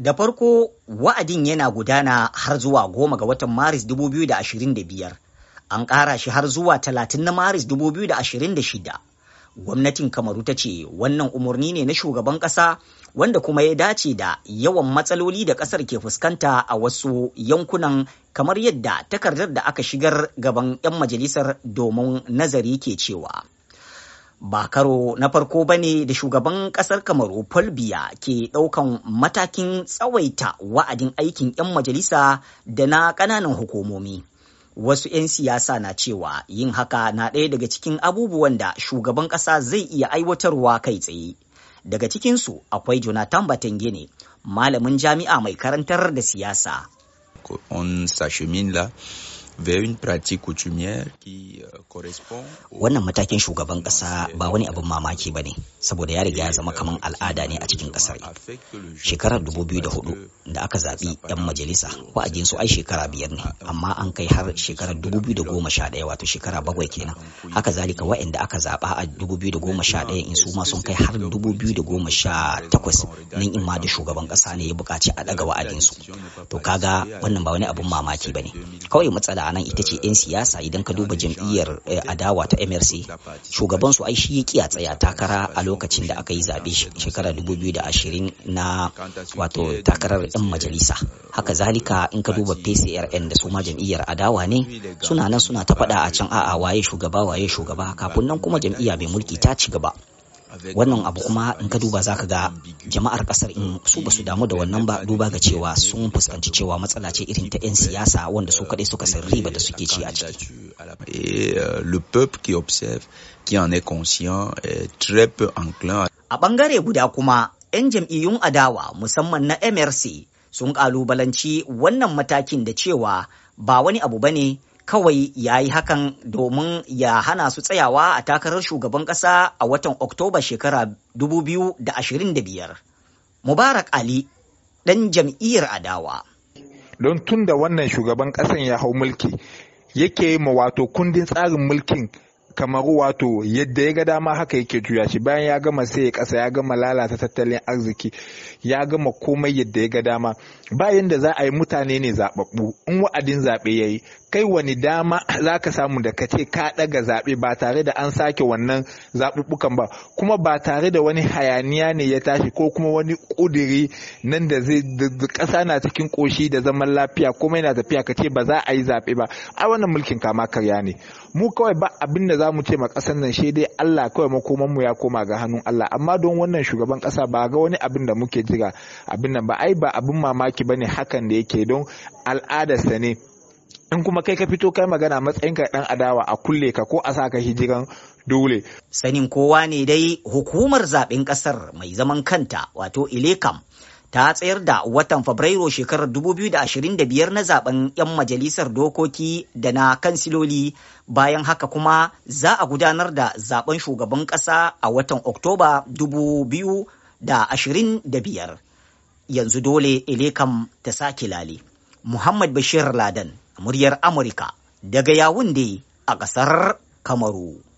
Da farko wa'adin yana gudana har zuwa goma ga watan Maris 2025, an ƙara shi har zuwa talatin na Maris 2026. Gwamnatin Kamaru ta ce wannan umarni ne na shugaban ƙasa wanda kuma ya dace da yawan matsaloli da ƙasar ke fuskanta a wasu yankunan kamar yadda takardar da aka shigar gaban 'yan majalisar domin nazari ke cewa. ba karo na farko ba ne da shugaban kasar kamaru paul biya ke ɗaukan matakin tsawaita wa'adin aikin 'yan majalisa da na ƙananan hukumomi wasu 'yan siyasa na cewa yin haka na ɗaya daga cikin abubuwan da shugaban ƙasa zai iya aiwatarwa kai tsaye daga cikinsu akwai jonathan batangene malamin jami'a mai karantar da siyasa Euh, wannan matakin shugaban ƙasa ba wani abin mamaki ba ne, saboda ya riga ya zama kamar euh, al'ada ne a cikin ƙasar. Shekarar 2004 da aka zaɓi 'yan majalisa wa'adinsu ai shekara biyar ne, amma an kai har shekarar 2011 wato shekara bakwai kenan. Haka zalika wa'inda aka zaɓa a 2011 in su ma sun kai har 2018 nan in ma da shugaban ƙasa ne ya buƙaci a ɗaga wa'adinsu. To kaga wannan ba wani abin mamaki ba ne. Kawai matsala a nan ita ce 'yan siyasa idan ka duba jam'iyyar eh, adawa ta mrc shugaban su ai shi ya a tsaya takara a lokacin da aka yi zaɓe shekara 2020 na wato takarar 'yan majalisa haka zalika in ka duba pcrn da su ma jam'iyyar adawa ne suna nan suna ta faɗa a can a'a waye shugaba waye shugaba kafin nan kuma jam'iyya mai mulki ta ci gaba wannan abu kuma in ka duba za ka ga jama'ar kasar in su ba su damu da wannan ba duba ga cewa sun fuskanci cewa matsala ce irin ta 'yan siyasa wanda su kaɗai suka san riba da suke ci a ciki euh, le peuple qui observe qui en est conscient est très peu enclin a bangare guda kuma 'yan jam'iyyun adawa musamman na mrc sun kalubalanci wannan matakin da cewa ba wani abu bane kawai ya yi hakan domin ya hana su tsayawa a takarar shugaban ƙasa a watan Oktoba shekara 2025. Mubarak Ali, ɗan jam'iyyar adawa. Don tun da wannan shugaban ƙasan ya hau mulki, yake ma wato kundin tsarin mulkin kamar wato yadda ya ga dama haka yake juya shi bayan ya gama sai ya kasa ya gama lalata tattalin arziki ya gama komai yadda ya ga dama bayan da za a yi mutane ne zaɓaɓɓu, in wa'adin zaɓe ya yi kai wani dama za ka samu da ka ce ka ɗaga zaɓe ba tare da an sake wannan zaɓuɓɓukan ba kuma ba tare da wani hayaniya ne ya tashi ko kuma wani ƙudiri nan da zai ƙasa na cikin ƙoshi da zaman lafiya kuma yana tafiya ka ce ba za a yi zaɓe ba a wannan mulkin kama karya ne mu kawai ba abin da za mu ce ma ƙasar nan shi dai Allah kawai makoman mu ya koma ga hannun Allah amma don wannan shugaban ƙasa ba ga wani abin da muke jira abin nan ba ai ba abin mamaki bane hakan da yake don al'adarsa ne in kuma kai ka fito kai magana matsayin ka dan adawa a kulle ka ko a sa ka hijiran dole sanin kowa ne dai hukumar zaɓen ƙasar mai zaman kanta wato ilekam ta tsayar da watan Fabrairu shekarar 2025 na zaben 'yan majalisar dokoki da na kansiloli bayan haka kuma za a gudanar da zaben shugaban ƙasa a watan Oktoba 2025. Yanzu dole ilekam ta sake lale. Muhammad Bashir Ladan, muryar Amurka daga Yawunde a ƙasar Kamaru.